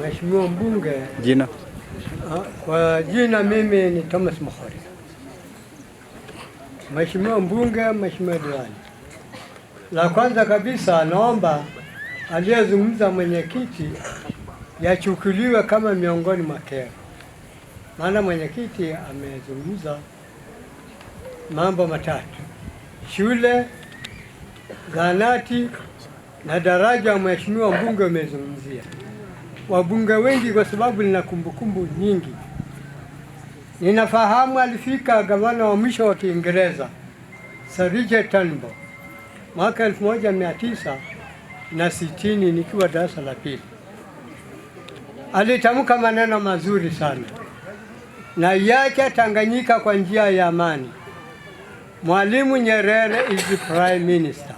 Mheshimiwa mbunge, jina ah, kwa jina mimi ni Thomas Mukholi. Mheshimiwa mbunge, Mheshimiwa diwani, la kwanza kabisa naomba aliyezungumza mwenyekiti yachukuliwe kama miongoni mwa kero, maana mwenyekiti amezungumza mambo matatu: shule, zahanati na daraja mheshimiwa mbunge umezungumzia Wabunge wengi, kwa sababu nina kumbukumbu nyingi, ninafahamu alifika gavana wa mwisho wa Kiingereza Sir Richard Turnbull mwaka elfu moja mia tisa na sitini nikiwa darasa la pili. Alitamka maneno mazuri sana na iacha Tanganyika kwa njia ya amani. Mwalimu Nyerere is the prime minister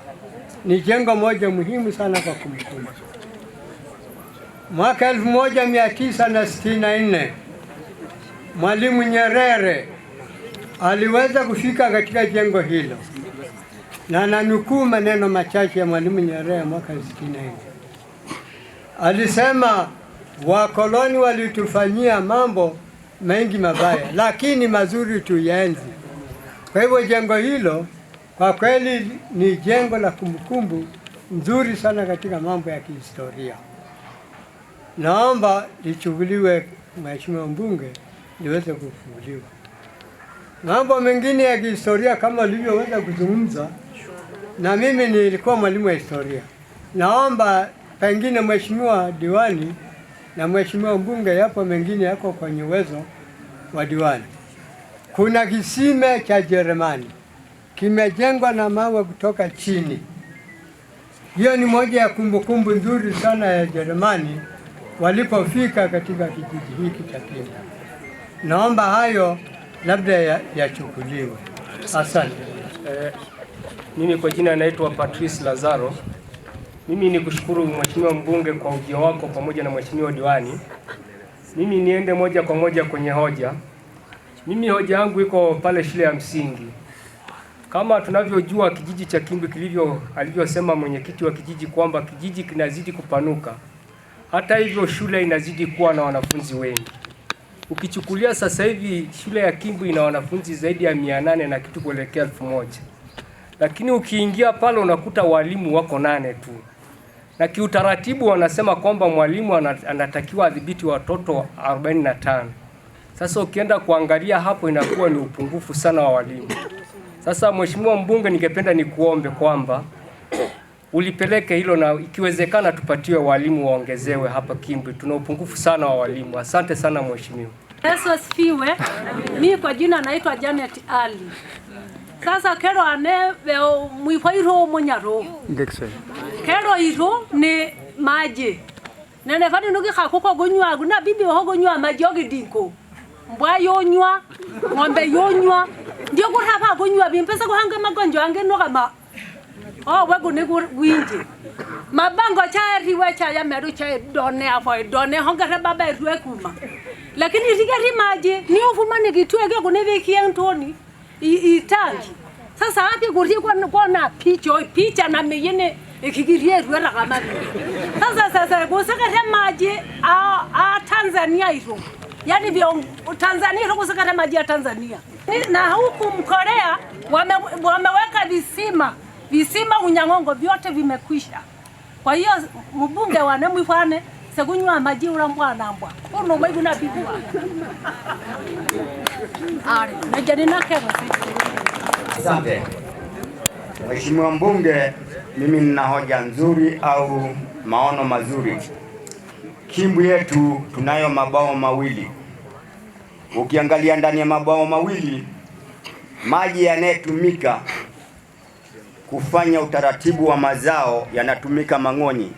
ni jengo moja muhimu sana kwa kumbukumbu. Mwaka nne Mwalimu Nyerere aliweza kufika katika jengo hilo, na nanukuu maneno machache ya Mwalimu Nyerere mwaka nne alisema, wakoloni walitufanyia mambo mengi mabaya, lakini mazuri tuyaenzi. Kwa hivyo jengo hilo kwa kweli ni jengo la kumbukumbu nzuri sana katika mambo ya kihistoria. Naomba lichuguliwe Mheshimiwa Mbunge, liweze kufunguliwa. Mambo mengine ya kihistoria kama ulivyoweza kuzungumza, na mimi nilikuwa mwalimu wa historia. Naomba pengine, Mheshimiwa diwani na Mheshimiwa Mbunge, yapo mengine yako kwenye uwezo wa diwani. Kuna kisime cha Jeremani kimejengwa na mawe kutoka chini. Hiyo ni moja ya kumbukumbu nzuri sana ya Jerumani walipofika katika kijiji hiki cha kenya Naomba hayo labda yachukuliwe ya asante. Eh, mimi kwa jina naitwa Patrice Lazaro. Mimi ni kushukuru Mheshimiwa mbunge kwa ujio wako pamoja na Mheshimiwa diwani. Mimi niende moja kwa moja kwenye hoja. Mimi hoja yangu iko pale shule ya msingi kama tunavyojua kijiji cha Kindwe kilivyo, alivyosema mwenyekiti wa kijiji kwamba kijiji kinazidi kupanuka, hata hivyo shule inazidi kuwa na wanafunzi wengi. Ukichukulia sasa hivi shule ya Kindwe ina wanafunzi zaidi ya mia nane na kitu kuelekea elfu moja lakini ukiingia pale unakuta walimu wako nane tu, na kiutaratibu wanasema kwamba mwalimu anatakiwa adhibiti watoto 45. Sasa ukienda kuangalia hapo inakuwa ni upungufu sana wa walimu. Sasa mheshimiwa mbunge, ningependa nikuombe kwamba ulipeleke hilo na ikiwezekana tupatiwe walimu waongezewe hapa Kimbwi, tuna upungufu sana wa walimu. Asante sana mheshimiwa. Yesu asifiwe. Mimi kwa jina naitwa Janet Ali. Sasa kero ane e, mwifwairo munyaro kero iro ni maji nenefani nugikhakukogonywagu na bibi wakhogonywa maji ogidinko mbwa yonywa ng'ombe yonywa ndio kurava kunywa vimpesa kuhanga magonjwa oh wego ni mabango cha riwe cha ya meru cha done afo done honga baba kuma lakini maji ni ntoni itangi sasa kurie kwa picha picha na ikigirie sasa sasa kusaka maji a, a Tanzania yani vyo Tanzania tukusikana maji ya Tanzania na huku Mkorea wame, wameweka visima visima Unyang'ongo vyote vimekwisha. Kwa hiyo mbunge wanemwifane sekunywa maji na unomweigunabigua ari najaninakego Asante Mheshimiwa mbunge, mimi nina hoja nzuri au maono mazuri Himbu yetu tunayo mabao mawili. Ukiangalia ndani ya mabao mawili, maji yanayotumika kufanya utaratibu wa mazao yanatumika Mang'onyi.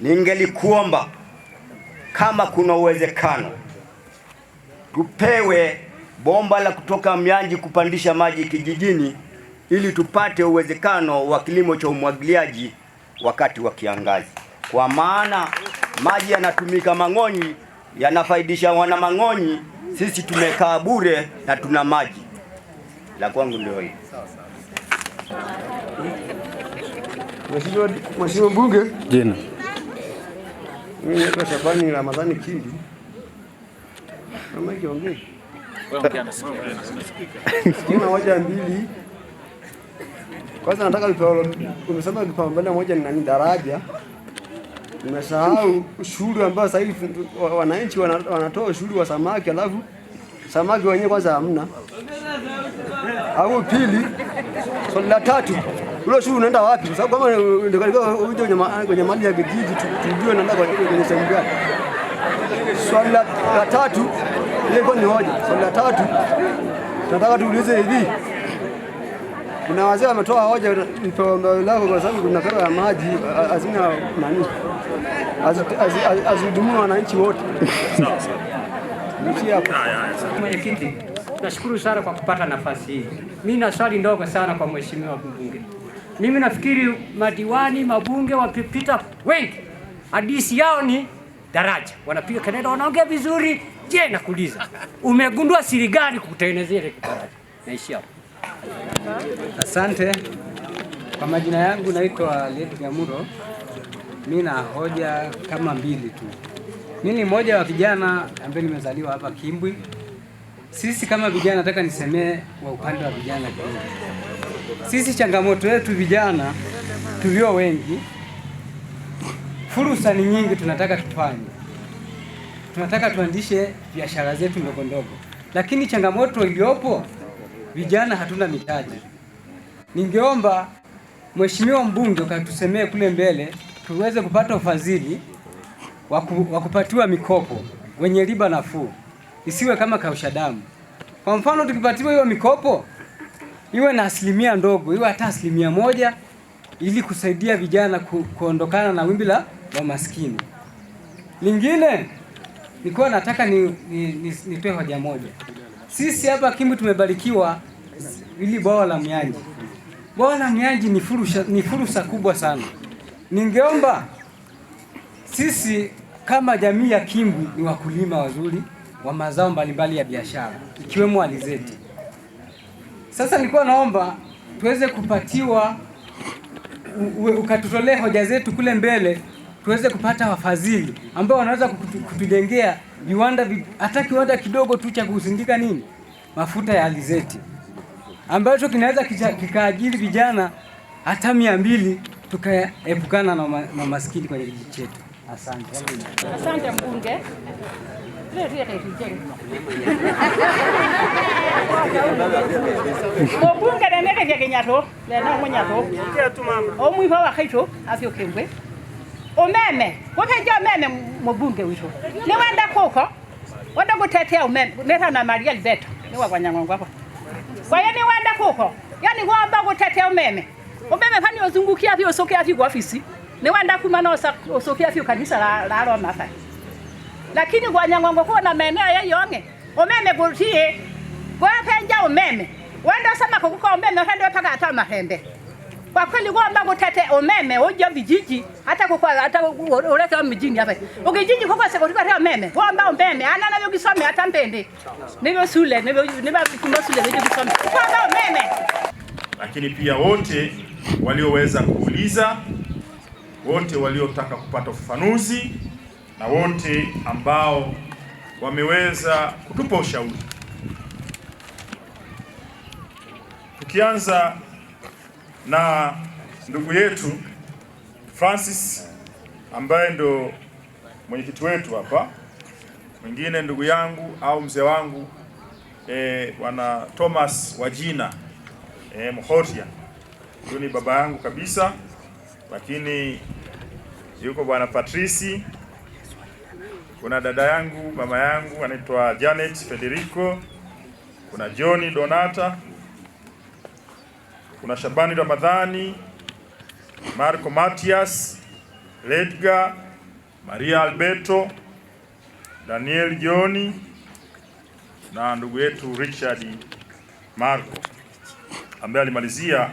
Ningelikuomba kama kuna uwezekano tupewe bomba la kutoka mianji kupandisha maji kijijini, ili tupate uwezekano wa kilimo cha umwagiliaji wakati wa kiangazi, kwa maana maji yanatumika Mang'onyi, yanafaidisha wana Mang'onyi. Sisi tumekaa bure na tuna maji. La kwangu ndio hili. Mheshimiwa Mbunge, jina mimi naitwa Shabani Ramadhani Kindi. Ongea una mbili. Kwanza nataka umesema moja ni nani? Daraja Nimesahau ushuru ambao sasa hivi wananchi wanatoa ushuru wa samaki, alafu samaki wenyewe kwanza hamna. Au pili, swali la tatu, ule ushuru unaenda wapi? Kwa sababu kama uje kwenye mali ya kijiji tujue unaenda kwenye sehemu gani. Swali la tatu, ile ni hoja. Swali la tatu tunataka tuulize hivi kuna wazee wametoa hoja lako kwa sababu kuna karo ya maji hazina nani, hazihudumu wananchi wote. Mwenyekiti, nashukuru sana kwa kupata nafasi hii. Mimi na swali ndogo sana kwa mheshimiwa mbunge. Mimi nafikiri madiwani, mabunge wakipita wengi, hadisi yao ni daraja, wanapiga kelele, wanaongea vizuri. Je, nakuuliza, umegundua siri gani kukutengenezea ile daraja? Naishia Asante. Kwa majina yangu naitwa Leti Gamuro. Mimi na hoja kama mbili tu. Mimi ni mmoja wa vijana ambaye nimezaliwa hapa Kimbwi. Sisi kama vijana, nataka nisemee wa upande wa vijana Kimbwi. Sisi changamoto yetu vijana tulio wengi, fursa ni nyingi, tunataka tufanye, tunataka tuandishe biashara zetu ndogo ndogo, lakini changamoto iliyopo vijana hatuna mitaji. Ningeomba mheshimiwa mbunge ukatusemee kule mbele tuweze kupata ufadhili wa kupatiwa mikopo wenye riba nafuu, isiwe kama kausha damu. Kwa mfano tukipatiwa hiyo mikopo iwe na asilimia ndogo, iwe hata asilimia moja, ili kusaidia vijana ku, kuondokana na wimbi la umaskini. Lingine nilikuwa nataka nitoe ni, ni, ni hoja moja. Sisi hapa Kimbu tumebarikiwa ili bwawa la Myanji. Bwawa la Myanji ni fursa, ni fursa kubwa sana. Ningeomba sisi kama jamii ya Kimbu ni wakulima wazuri wa mazao mbalimbali ya biashara ikiwemo alizeti. Sasa nilikuwa naomba tuweze kupatiwa ukatutolee hoja zetu kule mbele tuweze kupata wafadhili ambao wanaweza kutujengea viwanda hata kiwanda kidogo tu cha kusindika nini mafuta ya alizeti ambacho kinaweza kikaajiri vijana hata mia mbili tukaepukana na, ma, maskini kwenye kijiji chetu. Asante, asante mbunge. mobunge nenekejeke nyato lenaomo wakhaito afyokengwe umeme gukenja umeme mubunge witu niwenda kuko wenda gutetea umeme neta na Maria Alberto niwa kwa nyangongo hapo kwa hiyo niwenda kuko yani kwamba gutetea umeme umeme fani uzungukia vyo sokea vyo kwa ofisi niwenda kumana usokea vyo kanisa la, la Roma fa lakini kwa nyangongo kwa na maeneo ya yonge umeme gutie kwa penja umeme wenda sama kuko umeme wenda paka hata mahembe kwa kweli kwa sababu utete umeme uje vijiji hata kwa hata ulete mjini hapa. Ukijiji kwa sababu ulikuwa kwa umeme, kwa sababu umeme ana navyo kisome hata mpende. Nivyo shule, nivyo nivyo kumba shule nivyo kisome. Kwa sababu umeme. Lakini pia wote walioweza kuuliza, wote waliotaka kupata ufafanuzi na wote ambao wameweza kutupa ushauri. Tukianza na ndugu yetu Francis ambaye ndo mwenyekiti wetu hapa, mwingine ndugu yangu au mzee wangu e, bwana Thomas Wajina e, Mhoria, huyu ni baba yangu kabisa, lakini yuko bwana Patrisi, kuna dada yangu mama yangu anaitwa Janet Federico, kuna John Donata kuna Shabani Ramadhani, Marco Matias, Ledga Maria Alberto, Daniel Joni na ndugu yetu Richard Marco ambaye alimalizia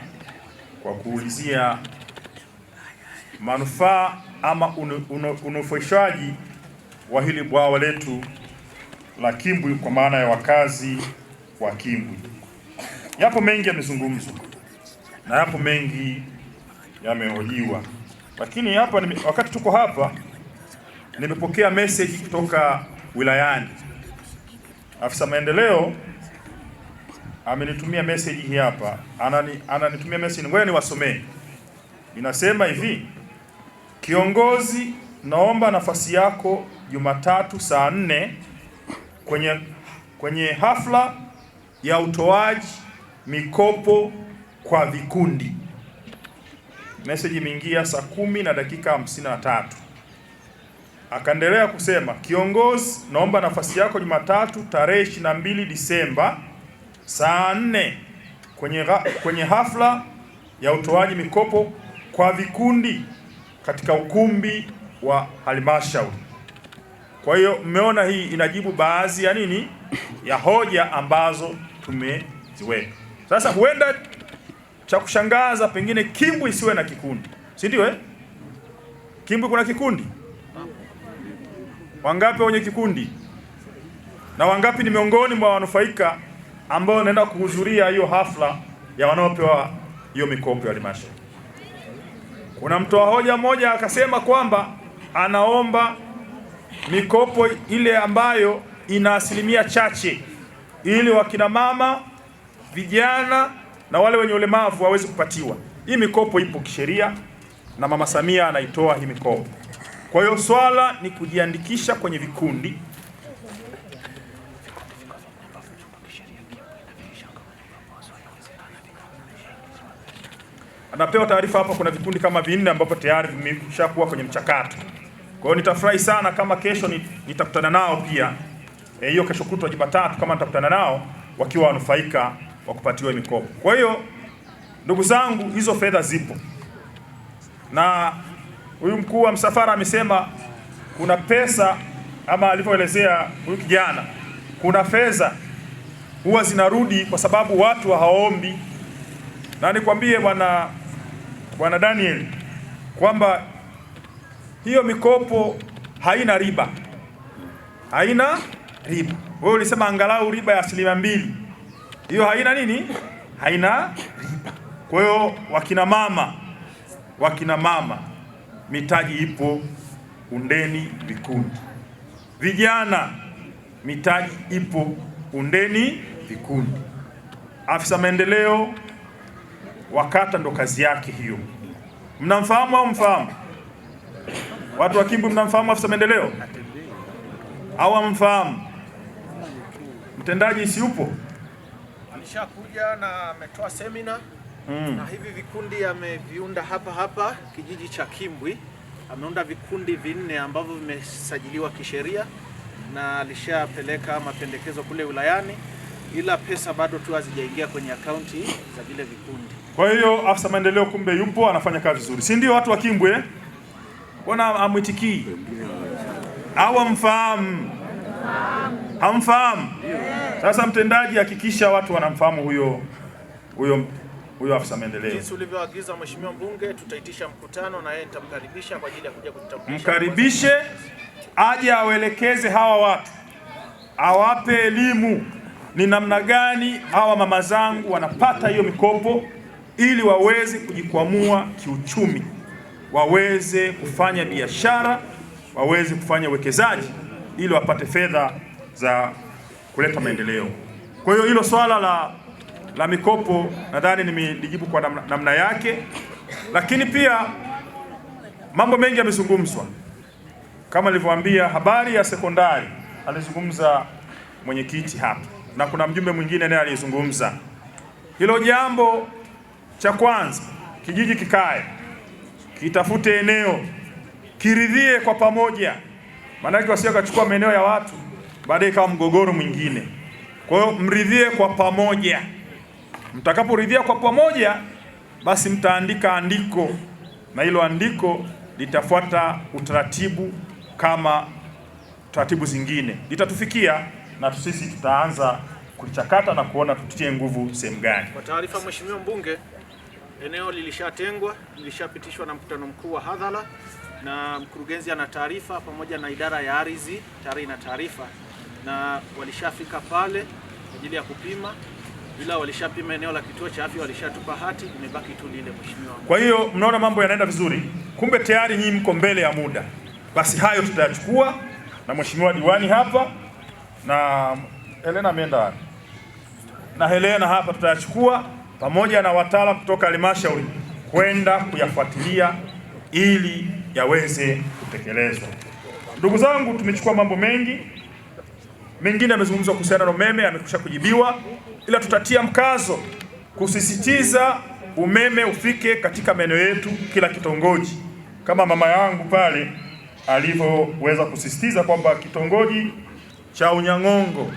kwa kuulizia manufaa ama unufaishaji wa hili bwawa letu la Kimbwi kwa maana ya wakazi wa Kimbwi. Yapo mengi yamezungumzwa na yapo mengi yamehojiwa, lakini hapa nime, wakati tuko hapa nimepokea message kutoka wilayani, afisa maendeleo amenitumia message hii hapa, anani ananitumia message, ngoja niwasomee. Inasema hivi: kiongozi, naomba nafasi yako Jumatatu saa nne kwenye kwenye hafla ya utoaji mikopo kwa vikundi. Message imeingia saa kumi na dakika hamsini na tatu. Akaendelea kusema kiongozi, naomba nafasi yako Jumatatu tarehe mbili Disemba saa nne kwenye, kwenye hafla ya utoaji mikopo kwa vikundi katika ukumbi wa halmashauri. Kwa hiyo mmeona hii inajibu baadhi ya nini ya hoja ambazo tumeziweka. Sasa huenda cha kushangaza pengine kimbwi isiwe na kikundi, si ndio eh? Kimbwi kuna kikundi wangapi wenye kikundi na wangapi ni miongoni mwa wanufaika ambao wanaenda kuhudhuria hiyo hafla ya wanaopewa hiyo mikopo ya halmashauri? Kuna mtoa hoja mmoja akasema kwamba anaomba mikopo ile ambayo ina asilimia chache ili wakina mama, vijana na wale wenye ulemavu hawezi kupatiwa. Hii mikopo ipo kisheria na Mama Samia anaitoa hii mikopo. Kwa hiyo swala ni kujiandikisha kwenye vikundi anapewa taarifa hapa kuna vikundi kama vinne ambapo tayari vimeshakuwa kwenye mchakato. Kwa hiyo nitafurahi sana kama kesho nitakutana nao pia eh, hiyo e, kesho kutwa Jumatatu kama nitakutana nao wakiwa wanufaika wa kupatiwa mikopo. Kwa hiyo ndugu zangu, hizo fedha zipo, na huyu mkuu wa msafara amesema kuna pesa ama alivyoelezea huyu kijana, kuna fedha huwa zinarudi kwa sababu watu hawaombi, na nikwambie bwana bwana Daniel kwamba hiyo mikopo haina riba, haina riba. Wewe ulisema angalau riba ya asilimia mbili hiyo haina nini, haina Kwa hiyo wakina mama, wakina mama, mitaji ipo, undeni vikundi. Vijana, mitaji ipo, undeni vikundi. Afisa maendeleo wakata ndo kazi yake hiyo. Mnamfahamu au mfahamu? Watu wa Kimbwi, mnamfahamu afisa maendeleo au amfahamu? Mtendaji si upo? ameshakuja na ametoa semina mm. na hivi vikundi ameviunda hapa hapa kijiji cha Kimbwi, ameunda vikundi vinne ambavyo vimesajiliwa kisheria na alishapeleka mapendekezo kule wilayani, ila pesa bado tu hazijaingia kwenye akaunti za vile vikundi. Kwa hiyo afisa maendeleo kumbe yupo anafanya kazi vizuri, si ndio? Watu wa Kimbwe eh? mbona amwitikii au amfahamu? hamfahamu. Sasa mtendaji, hakikisha watu wanamfahamu huyo huyo huyo afisa maendeleo. Jinsi ulivyoagiza mheshimiwa mbunge, tutaitisha mkutano na yeye nitamkaribisha kwa ajili ya kuja kututambulisha. Mkaribishe aje awelekeze hawa watu, awape elimu ni namna gani hawa mama zangu wanapata hiyo mikopo ili waweze kujikwamua kiuchumi, waweze kufanya biashara, waweze kufanya uwekezaji ili wapate fedha za kuleta maendeleo. Kwa hiyo hilo swala la, la mikopo nadhani nimejibu kwa namna, namna yake, lakini pia mambo mengi yamezungumzwa kama nilivyowaambia. Habari ya sekondari alizungumza mwenyekiti hapa na kuna mjumbe mwingine naye alizungumza hilo jambo. Cha kwanza kijiji kikae kitafute eneo kiridhie kwa pamoja, maanake wasio kachukua maeneo ya watu baadaye ikawa mgogoro mwingine. Kwa hiyo mridhie kwa pamoja. Mtakaporidhia kwa pamoja, basi mtaandika andiko na hilo andiko litafuata utaratibu kama taratibu zingine, litatufikia na sisi tutaanza kulichakata na kuona tutie nguvu sehemu gani. Kwa taarifa, Mheshimiwa Mbunge, eneo lilishatengwa, lilishapitishwa na mkutano mkuu wa hadhara, na mkurugenzi ana taarifa pamoja na idara ya ardhi tayari ina taarifa na walishafika pale kwa ajili ya kupima, bila walishapima eneo la kituo cha afya, walishatupa hati, imebaki tu lile mheshimiwa. Kwa hiyo mnaona mambo yanaenda vizuri, kumbe tayari nyinyi mko mbele ya muda. Basi hayo tutayachukua na mheshimiwa diwani hapa na Helena ameenda na Helena hapa, tutayachukua pamoja na wataalamu kutoka halmashauri kwenda kuyafuatilia ili yaweze kutekelezwa. Ndugu zangu, tumechukua mambo mengi mengine yamezungumzwa kuhusiana na umeme, yamekwisha kujibiwa, ila tutatia mkazo kusisitiza umeme ufike katika maeneo yetu, kila kitongoji, kama mama yangu pale alivyoweza kusisitiza kwamba kitongoji cha Unyang'ongo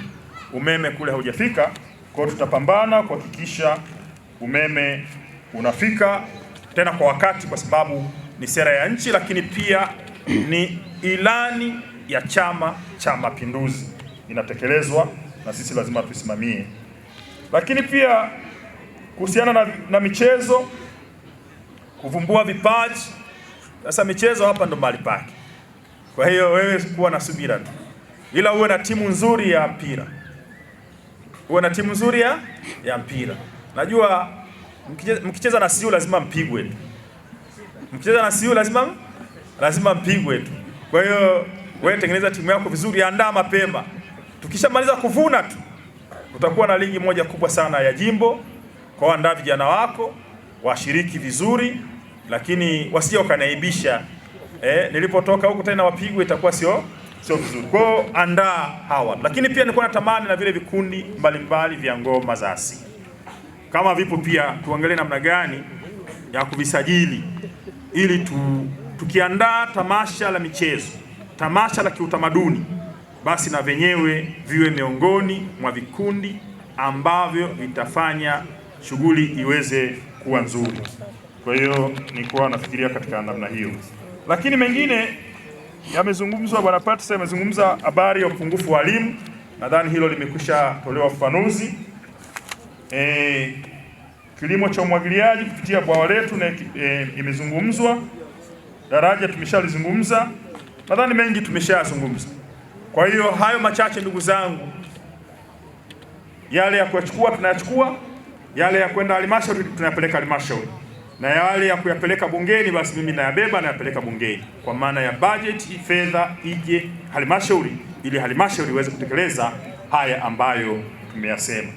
umeme kule haujafika. Kwa hiyo tutapambana kuhakikisha umeme unafika tena kwa wakati, kwa sababu ni sera ya nchi, lakini pia ni ilani ya Chama cha Mapinduzi inatekelezwa na sisi lazima tusimamie. Lakini pia kuhusiana na, na michezo kuvumbua vipaji. Sasa michezo hapa ndo mahali pake, kwa hiyo wewe kuwa na subira tu, ila uwe na timu nzuri ya mpira, uwe na timu nzuri ya, ya mpira. Najua mkicheza na siu lazima mpigwe tu, mkicheza na siu lazima lazima mpigwe tu. Kwa hiyo wewe tengeneza timu yako vizuri, andaa mapema. Tukishamaliza kuvuna tu utakuwa na ligi moja kubwa sana ya jimbo. Kwa andaa vijana wako washiriki vizuri, lakini wasije wakanaibisha. Eh, nilipotoka huku tena wapigwe, itakuwa sio sio vizuri. Kwao andaa hawa, lakini pia nilikuwa natamani na vile vikundi mbalimbali vya ngoma za asili kama vipo pia tuangalie namna gani ya kuvisajili ili tu, tukiandaa tamasha la michezo, tamasha la kiutamaduni basi na vyenyewe viwe miongoni mwa vikundi ambavyo vitafanya shughuli iweze kuwa nzuri. Kwa hiyo nilikuwa nafikiria katika namna hiyo, lakini mengine yamezungumzwa. Bwana Patrice amezungumza habari ya upungufu wa elimu, nadhani hilo limekwisha tolewa ufafanuzi. E, kilimo cha umwagiliaji kupitia bwawa letu na e, imezungumzwa. Daraja tumeshalizungumza, nadhani mengi tumeshayazungumza. Kwa hiyo hayo machache, ndugu zangu, yale ya kuyachukua tunayachukua, yale ya kwenda halmashauri tunayapeleka halmashauri, na yale ya kuyapeleka bungeni, basi mimi nayabeba nayapeleka bungeni, kwa maana ya bajeti, fedha ije halmashauri ili halmashauri iweze kutekeleza haya ambayo tumeyasema.